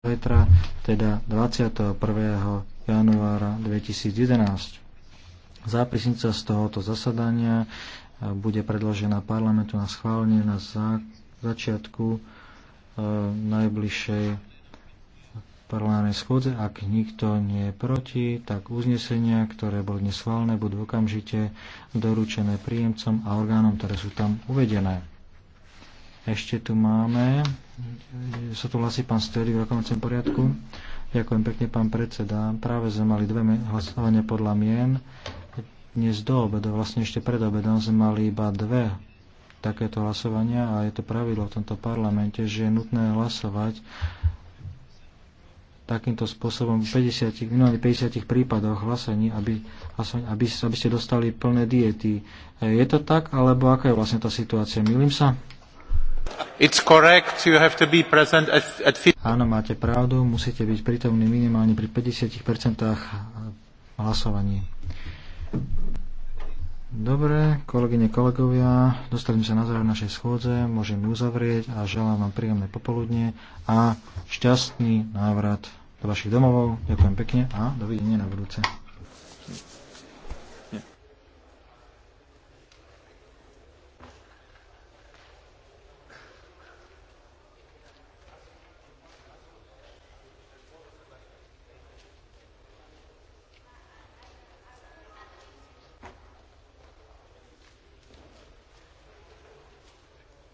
zajtra, teda 21. januára 2011. Zápisnica z tohoto zasadania e, bude predložená parlamentu na schválenie na začiatku e, najbližšej parlamentnej schôdze. Ak nikto nie je proti, tak uznesenia, ktoré boli dnes schválené, budú okamžite doručené príjemcom a orgánom, ktoré sú tam uvedené. Ešte tu máme, sa tu hlasí pán Steli v rokovacom poriadku. Ďakujem pekne, pán predseda. Práve sme mali dve hlasovania podľa mien. Dnes do obeda, vlastne ešte pred obedom sme mali iba dve takéto hlasovania a je to pravidlo v tomto parlamente, že je nutné hlasovať takýmto spôsobom v 50, minimálne 50 prípadoch hlasení, aby, aby, aby ste dostali plné diety. E, je to tak, alebo aká je vlastne tá situácia? Milím sa? At... Áno, máte pravdu, musíte byť prítomní minimálne pri 50% hlasovaní. Dobre, kolegyne, kolegovia, dostali sa na záver našej schôdze, môžem ju zavrieť a želám vám príjemné popoludne a šťastný návrat do vašich domovov. Ďakujem pekne a dovidenia na budúce.